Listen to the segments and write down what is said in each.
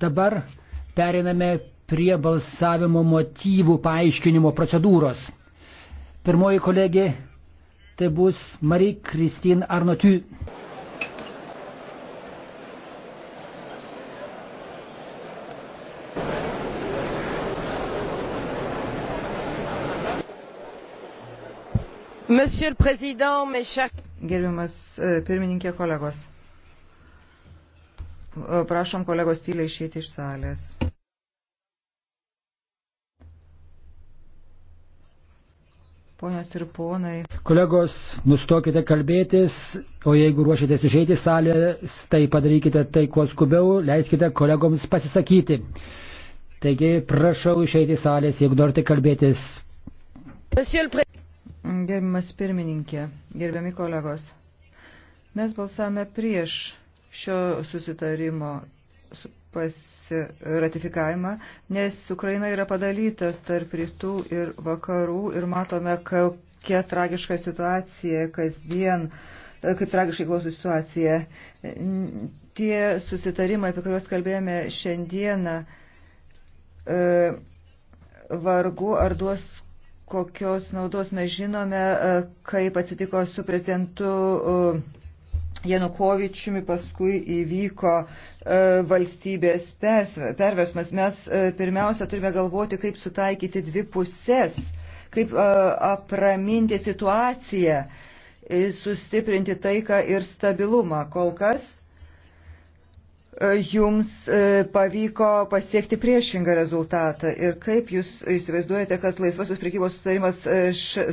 Dabar periname prie balsavimo motyvų paaiškinimo procedūros. Pirmoji kolegė tai bus Marie Kristin Arnotu. Gerbiamas e, pirmininkė kolegos. Prašom kolegos tyliai išėti iš salės. Ponios ir ponai. Kolegos, nustokite kalbėtis, o jeigu ruošiatės išeiti salės, tai padarykite tai kuo skubiau, leiskite kolegoms pasisakyti. Taigi, prašau išeiti salės, jeigu norite kalbėtis. Gerbimas pirmininkė, gerbiami kolegos, mes balsavome prieš šio susitarimo ratifikavimą, nes Ukraina yra padalyta tarp rytų ir vakarų ir matome, kokia tragiška situacija kasdien, e, kaip tragiškai klauso situacija. Tie susitarimai, apie kuriuos kalbėjome šiandieną, e, vargu ar duos kokios naudos mes žinome, e, kaip atsitiko su prezidentu Janukovičiumi paskui įvyko e, valstybės perversmas. Mes e, pirmiausia turime galvoti, kaip sutaikyti dvi pusės, kaip e, apraminti situaciją, sustiprinti taiką ir stabilumą. Kol kas E, jums e, pavyko pasiekti priešingą rezultatą ir kaip jūs įsivaizduojate, kad laisvasios priekybos sustarimas e,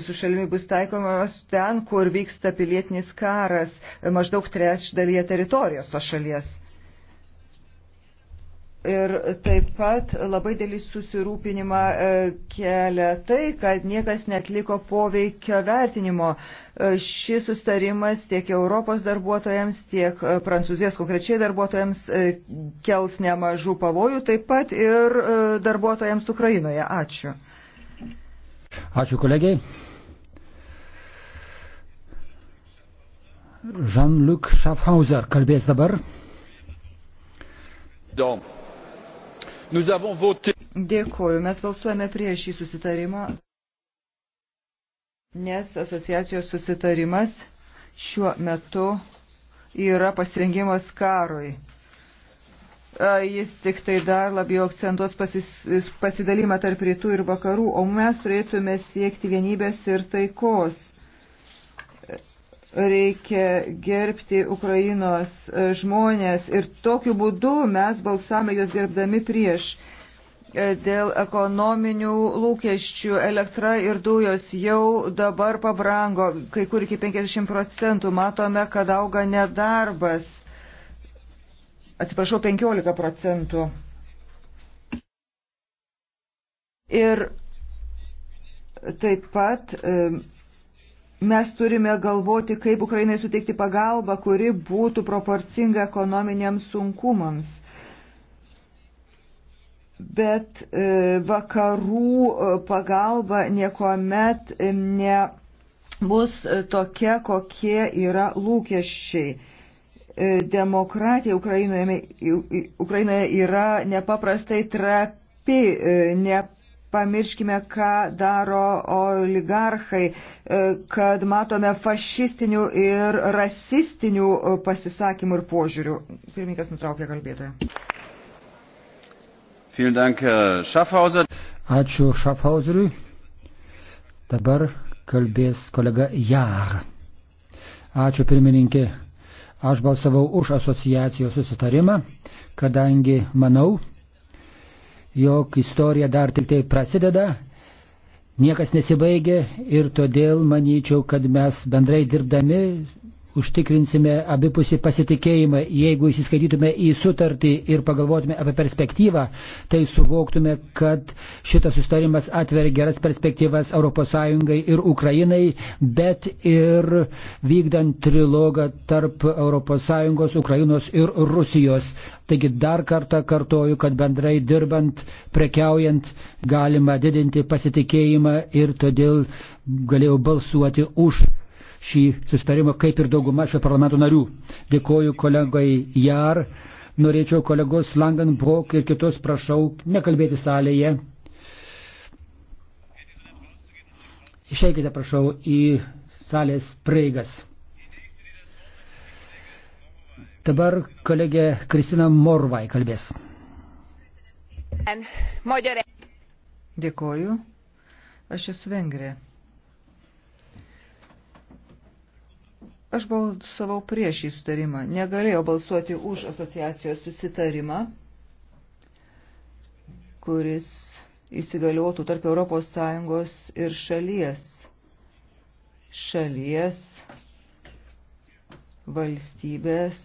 su šalimi bus taikomas ten, kur vyksta pilietinis karas maždaug trečdalyje teritorijos tos šalies? Ir taip pat labai dėlį susirūpinimą e, kelia tai, kad niekas netliko poveikio vertinimo. E, šis sustarimas tiek Europos darbuotojams, tiek e, Prancūzijos konkrečiai darbuotojams kels nemažų pavojų, taip pat ir darbuotojams Ukrainoje. Ačiū. Ačiū kolegiai. Jean-Luc Schaffhauser kalbės dabar. Dom. Nous avons voté. Dėkoju. Mes balsuojame prieš šį susitarimą, nes asociacijos susitarimas šiuo metu yra pasirengimas karui. Jis tik tai dar labiau akcentuos pasis, pasidalimą tarp rytų ir vakarų, o mes turėtume siekti vienybės ir taikos reikia gerbti Ukrainos e, žmonės ir tokiu būdu mes balsavome juos gerbdami prieš. E, dėl ekonominių lūkesčių elektra ir dujos jau dabar pabrango, kai kur iki 50 procentų. Matome, kad auga nedarbas. Atsiprašau, 15 procentų. Ir taip pat e, Mes turime galvoti, kaip Ukrainai suteikti pagalbą, kuri būtų proporcinga ekonominiams sunkumams. Bet e, vakarų e, pagalba niekuomet e, ne bus tokia, kokie yra lūkesčiai demokratija Ukrainoje, Ukrainoje yra nepaprastai trapi, ne, pamirškime, ką daro oligarchai, e, kad matome fašistinių ir rasistinių e, pasisakymų ir požiūrių. Pirmininkas nutraukė kalbėtoją. Ačiū Šafhauseriui. Dabar kalbės kolega Jar. Ačiū pirmininkė. Aš balsavau už asociacijos susitarimą, kadangi manau, jog istorija dar tik tai prasideda, niekas nesibaigė ir todėl manyčiau, kad mes bendrai dirbdami užtikrinsime abipusį pasitikėjimą. Jeigu įsiskaitytume į sutartį ir pagalvotume apie perspektyvą, tai suvoktume, kad šitas sustarimas atveria geras perspektyvas ES ir Ukrainai, bet ir vykdant trilogą tarp ES, Ukrainos ir Rusijos. Taigi dar kartą kartoju, kad bendrai dirbant, prekiaujant galima didinti pasitikėjimą ir todėl galėjau balsuoti už šį sustarimą, kaip ir dauguma šio parlamento narių. Dėkoju kolegai Jar, norėčiau kolegos Langenbrok ir kitos prašau nekalbėti salėje. Išeikite, prašau, į salės prieigas. Dabar kolegė Kristina Morvai kalbės. Dėkoju. Aš esu vengrė. Aš balsavau prieš šį sutarimą. Negalėjau balsuoti už asociacijos susitarimą, kuris įsigaliotų tarp ES ir šalies. Šalies valstybės,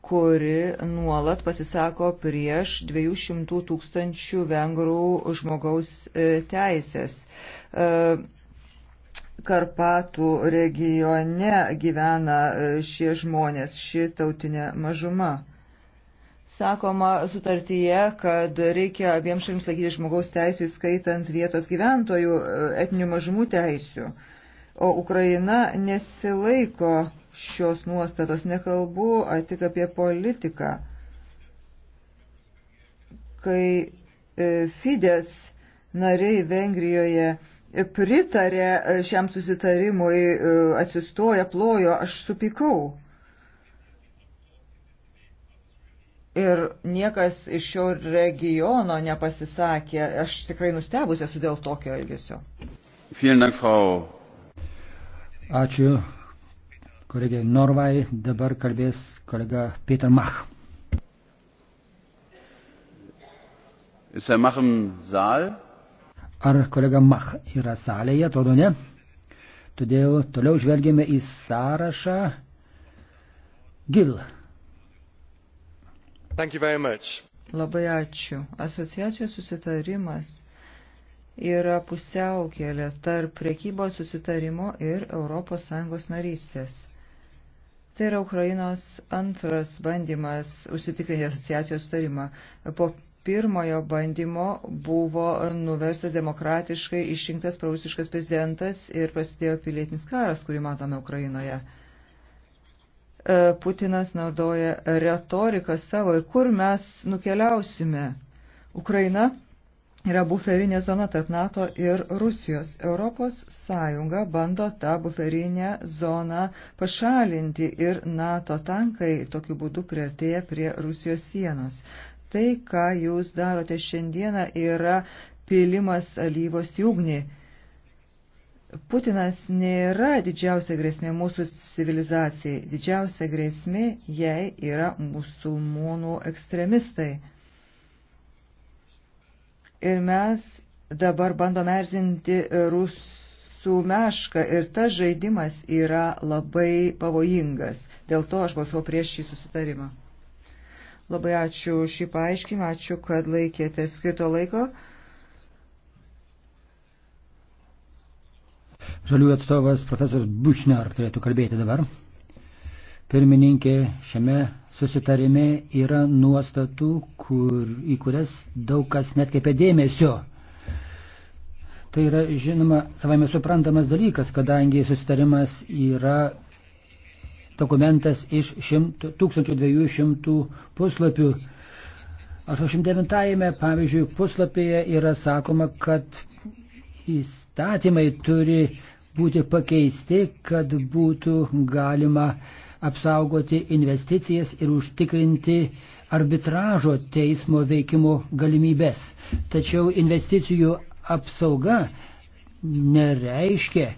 kuri nuolat pasisako prieš 200 tūkstančių vengrų žmogaus e, teisės. E, Karpatų regione gyvena e, šie žmonės, ši tautinė mažuma. Sakoma sutartyje, kad reikia abiems šalims laikyti žmogaus teisų, įskaitant vietos gyventojų e, etinių mažumų teisų. O Ukraina nesilaiko šios nuostatos, nekalbu tik apie politiką. Kai e, Fides nariai Vengrijoje pritarė e, šiam susitarimui, e, atsistoja, plojo, aš supykau. Ir niekas iš šio regiono nepasisakė, aš tikrai nustebusi esu dėl tokio elgesio. Ačiū, kolegė Norvai, dabar kalbės kolega Peter Mach. Ist er Mach im Saal? Ar kolega Mach yra salėje, atrodo ne. Todėl toliau žvelgėme į sąrašą. Gil. Labai ačiū. Asociacijos susitarimas yra pusiaukelė tarp priekybos susitarimo ir ES narystės. Tai yra Ukrainos antras bandymas užsitikrinti asociacijos sutarimą po pirmojo bandymo buvo nuverstas demokratiškai išrinktas prausiškas prezidentas ir prasidėjo pilietinis karas, kurį matome Ukrainoje. E, Putinas naudoja retoriką savo ir kur mes nukeliausime. Ukraina yra buferinė zona tarp NATO ir Rusijos. Europos Sąjunga bando tą buferinę zoną pašalinti ir NATO tankai tokiu būdu priartėja prie Rusijos sienos. Tai, ką jūs darote šiandieną, yra pilimas alyvos į ugnį. Putinas nėra didžiausia grėsmė mūsų civilizacijai. Didžiausia grėsmė jai yra musulmonų ekstremistai. Ir mes dabar bandome erzinti rusų mešką ir tas žaidimas yra labai pavojingas. Dėl to aš balsavau prieš šį susitarimą. Labai ačiū šį paaiškimą, ačiū, kad laikėte skirto laiko. Žaliųjų atstovas profesorius Buchner turėtų kalbėti dabar. Pirmininkė, šiame susitarime yra nuostatų, kur, į kurias daug kas net kaip dėmesio. Tai yra, žinoma, savame suprantamas dalykas, kadangi susitarimas yra dokumentas iš 100, 1200 puslapių. 89-ame, pavyzdžiui, puslapyje yra sakoma, kad įstatymai turi būti pakeisti, kad būtų galima apsaugoti investicijas ir užtikrinti arbitražo teismo veikimo galimybės. Tačiau investicijų apsauga nereiškia,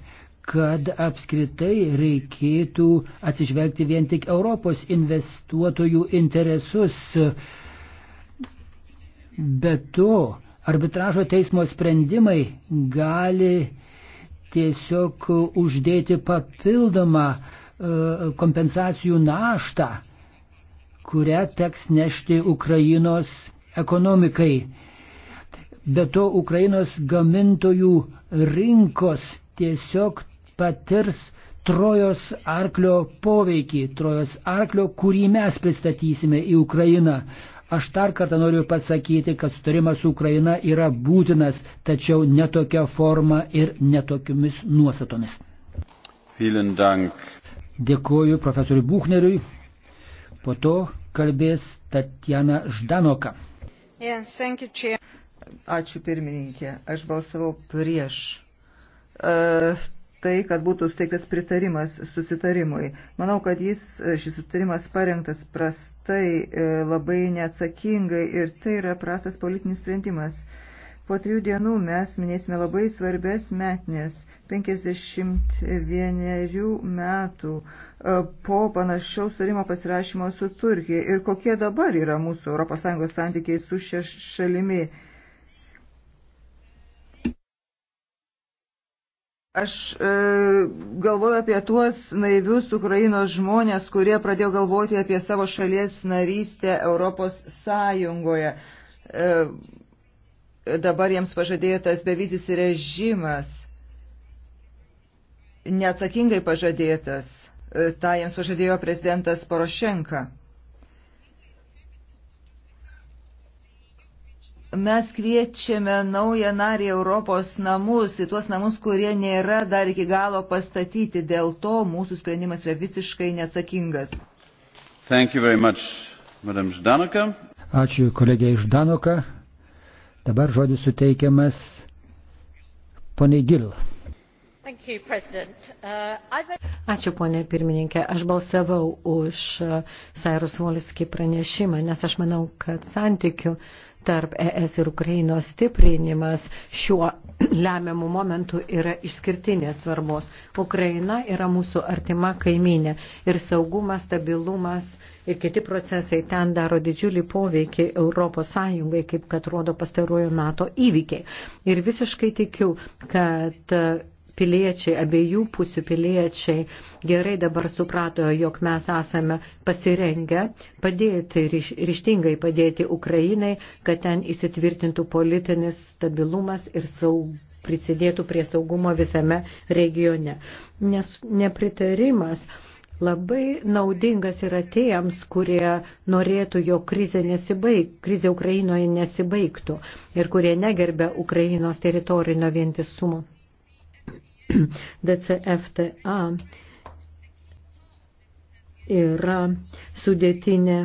kad apskritai reikėtų atsižvelgti vien tik Europos investuotojų interesus. Be to, arbitražo teismo sprendimai gali tiesiog uždėti papildomą e, kompensacijų naštą, kurią teks nešti Ukrainos ekonomikai. Be to, Ukrainos gamintojų rinkos tiesiog patirs Trojos arklio poveikį, Trojos arklio, kurį mes pristatysime į Ukrainą. Aš dar kartą noriu pasakyti, kad sutarimas su Ukraina yra būtinas, tačiau netokia forma ir netokiomis nuostatomis. Dėkuoju profesoriui Buchneriui. Po to kalbės Tatjana Ždanoka. Yes, you, Ačiū pirmininkė. Aš balsavau prieš. Uh, tai, kad būtų suteiktas pritarimas susitarimui. Manau, kad jis, šis susitarimas parengtas prastai, e, labai neatsakingai ir tai yra prastas politinis sprendimas. Po trijų dienų mes minėsime labai svarbės metnės - 51 metų e, po panašaus sarimo pasirašymo su Turkija ir kokie dabar yra mūsų ES santykiai su šia šalimi. Ša Aš e, galvoju apie tuos naivius Ukrainos žmonės, kurie pradėjo galvoti apie savo šalies narystę Europos Sąjungoje. E, dabar jiems pažadėtas bevizis režimas, neatsakingai pažadėtas, e, tą jiems pažadėjo prezidentas Porošenka. Mes kviečiame naują narį Europos namus, į tuos namus, kurie nėra dar iki galo pastatyti. Dėl to mūsų sprendimas yra visiškai neatsakingas. Much, Ačiū kolegė iš Danoka. Dabar žodis suteikiamas poniai Gil. Uh, Ačiū, ponė pirmininkė. Aš balsavau už Sairus uh, Volskį pranešimą, nes aš manau, kad santykių tarp ES ir Ukrainos stiprinimas šiuo lemiamu momentu yra išskirtinės svarbos. Ukraina yra mūsų artima kaiminė ir saugumas, stabilumas ir kiti procesai ten daro didžiulį poveikį Europos Sąjungai, kaip kad rodo pastaruoju NATO įvykiai. Ir visiškai tikiu, kad piliečiai, abiejų pusių piliečiai gerai dabar suprato, jog mes esame pasirengę padėti, ryštingai padėti Ukrainai, kad ten įsitvirtintų politinis stabilumas ir saug, prisidėtų prie saugumo visame regione. Nes nepritarimas labai naudingas yra tiems, kurie norėtų, jog krizė, nesibaig, krizė Ukrainoje nesibaigtų ir kurie negerbė Ukrainos teritorinio vientisumo. DCFTA yra sudėtinė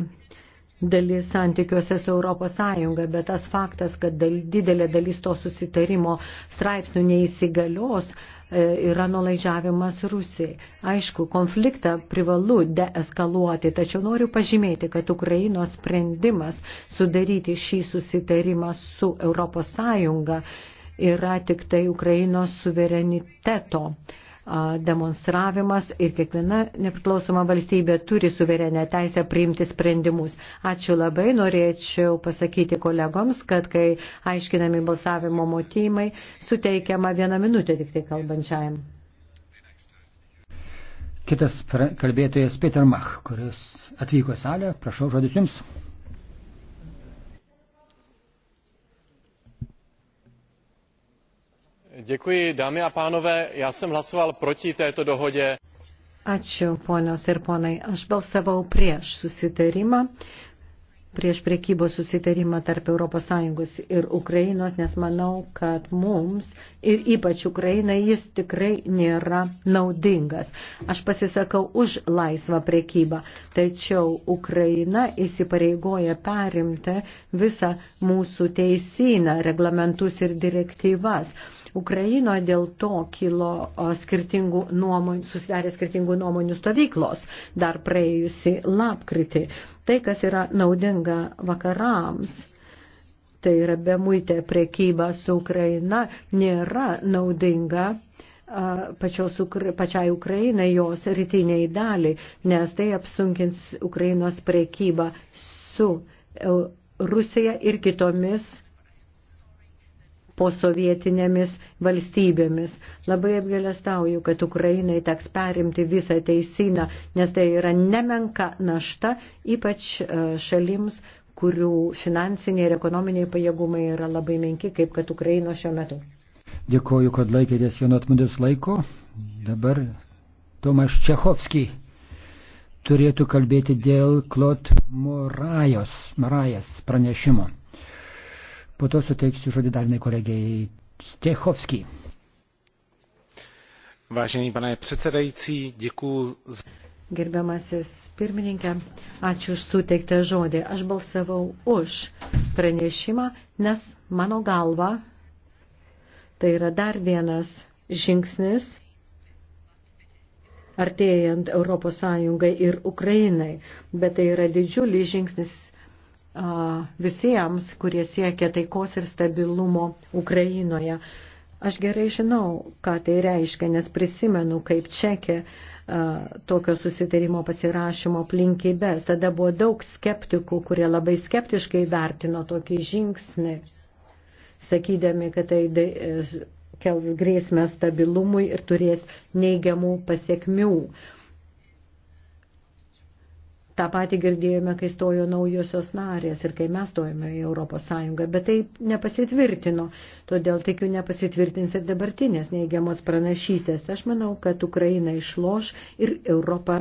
dalis santykiuose su Europos Sąjunga, bet tas faktas, kad dal, didelė dalis to susitarimo straipsnių neįsigalios, e, yra nulaidžiavimas Rusijai. Aišku, konfliktą privalu deeskaluoti, tačiau noriu pažymėti, kad Ukrainos sprendimas sudaryti šį susitarimą su Europos Sąjunga yra tik tai Ukrainos suvereniteto demonstravimas ir kiekviena nepriklausoma valstybė turi suverenę teisę priimti sprendimus. Ačiū labai, norėčiau pasakyti kolegoms, kad kai aiškinami balsavimo motyvai, suteikiama vieną minutę tik tai kalbančiajam. Kitas kalbėtojas Peter Mach, kuris atvyko į salę, prašau žodis jums. Dámy a pánové, já jsem hlasoval proti této dohodě. Ačiū, ponios ir ponai. Aš balsavau prieš susitarimą, prieš priekybos susitarimą tarp ES ir Ukrainos, nes manau, kad mums ir ypač Ukrainai jis tikrai nėra naudingas. Aš pasisakau už laisvą priekybą, tačiau Ukraina įsipareigoja perimti visą mūsų teisyną, reglamentus ir direktyvas. Ukrainoje dėl to kilo skirtingų nuomonių, susidarė skirtingų nuomonių stovyklos dar praėjusi lapkritį. Tai, kas yra naudinga vakarams, tai yra bemuitė prekyba su Ukraina, nėra naudinga pačios, pačiai Ukrainai, jos rytiniai daliai, nes tai apsunkins Ukrainos prekybą su Rusija ir kitomis posovietinėmis valstybėmis. Labai apgėlestauju, kad Ukrainai teks perimti visą teisiną, nes tai yra nemenka našta, ypač e, šalims, kurių finansiniai ir ekonominiai pajėgumai yra labai menki, kaip kad Ukraino šiuo metu. Dėkoju, kad laikėtės Jono atmundės laiko. Dabar Tomas Čechovskis turėtų kalbėti dėl Klot Morajos, Marajas pranešimo. Po to suteiksiu žodį dalinai kolegijai Stechovskį. Vážený pane předsedající, děkuji. Gerbiamasis pirmininkė, ačiū už suteiktą žodį. Aš balsavau už pranešimą, nes mano galva tai yra dar vienas žingsnis artėjant Europos Sąjungai ir Ukrainai, bet tai yra didžiulis žingsnis visiems, kurie siekia taikos ir stabilumo Ukrainoje. Aš gerai žinau, ką tai reiškia, nes prisimenu, kaip čekė tokio susitarimo pasirašymo aplinkybės. Tada buvo daug skeptikų, kurie labai skeptiškai vertino tokį žingsnį, sakydami, kad tai e, kels grėsmę stabilumui ir turės neigiamų pasiekmių. Ta patį girdėjome, kai stojo naujosios narės ir kai mes stojome į Europos Sąjungą, bet tai nepasitvirtino. Todėl tikiu nepasitvirtins ir dabartinės neigiamos pranašystės. Aš manau, kad Ukraina išloš ir Europa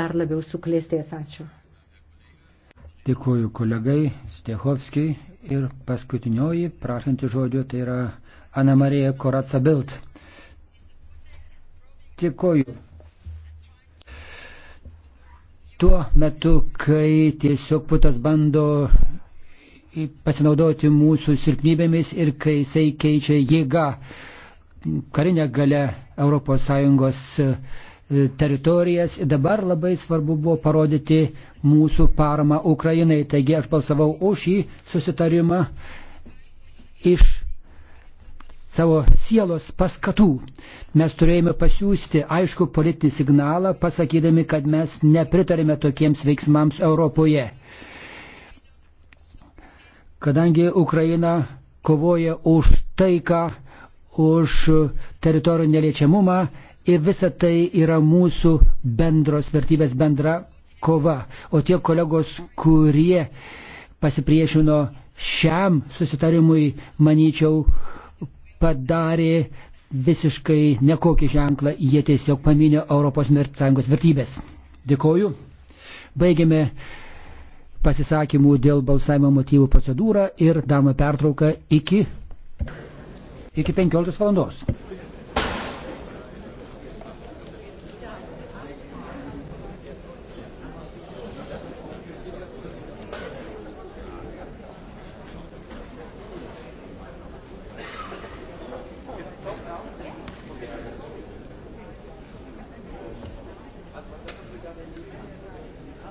dar labiau suklėstės. Ačiū. Dėkuoju kolegai Stechovskijai ir paskutinioji, prašanti žodžio, tai yra Ana Marija Koracabilt. Dėkuoju tuo metu, kai tiesiog putas bando pasinaudoti mūsų silpnybėmis ir kai jisai keičia jėgą karinę galę ES e, teritorijas. Dabar labai svarbu buvo parodyti mūsų paramą Ukrainai. Taigi aš balsavau už šį susitarimą iš savo sielos paskatų. Mes turėjome pasiūsti aišku politinį signalą, pasakydami, kad mes nepritarėme tokiems veiksmams Europoje. Kadangi Ukraina kovoja už taiką, už teritorijų neliečiamumą ir visa tai yra mūsų bendros vertybės bendra kova. O tie kolegos, kurie pasipriešino šiam susitarimui, manyčiau, padarė visiškai nekokį ženklą, jie tiesiog paminė ES vertybės. Dėkoju. Baigėme pasisakymų dėl balsavimo motyvų procedūrą ir dama pertrauką iki, iki 15 valandos.